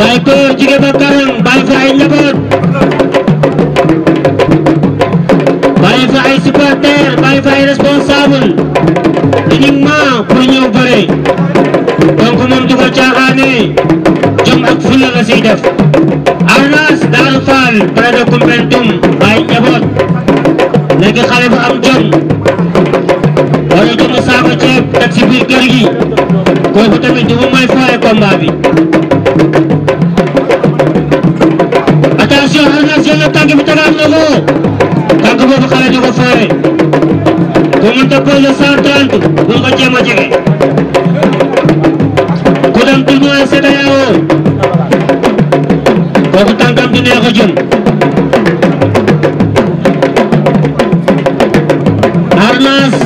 waaye góor jigéen ba karam bàyyi fa ay njaboot bàyyi fa ay supporter bàyyi fa ay responsable uniquement pour ñëw bëre donc moom du ko caaxaane jom ak fulla la siy def Arnas Daaru Fall près de Koumpentoum bàyyi njaboot am jom war a ceeb teg si kër gi kooku tamit du mu may fooye combat na tànk bi tegaat na ko tànk boobu xale na ko faare ku mënta peser cent trente bu ko jéem a jege ku dem tournoi CEDEAO kooku tànkam di neex a arnas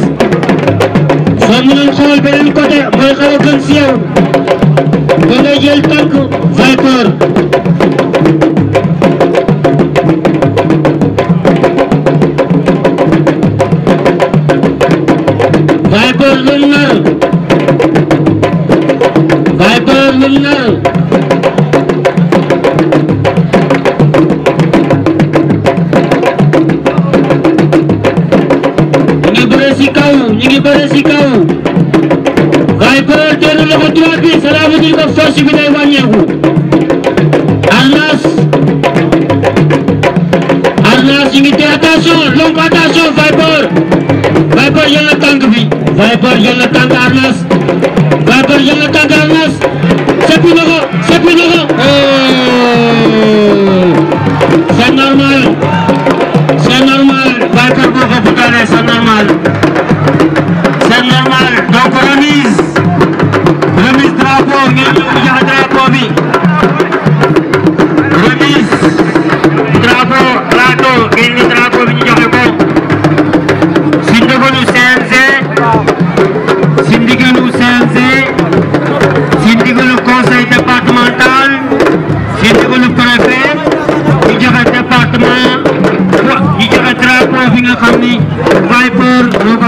soo mënoon xool beneen côté mooy xaw a gën si yow da ngay jël tànk Viper Viper winner. Viper winner. ñu ngi bëre si kaw ñu ngi bëre si kaw. Viper teel na loxo droit bi salaamaaleykum force bi day wàññeeku. Arnas Arnas ñu ngi teel attention longue attention Viper. Baay Faal yal na tàng fi Baay Faal yal na tàng arnas Baay Faal yal na tàng arnas nga xam ni Viper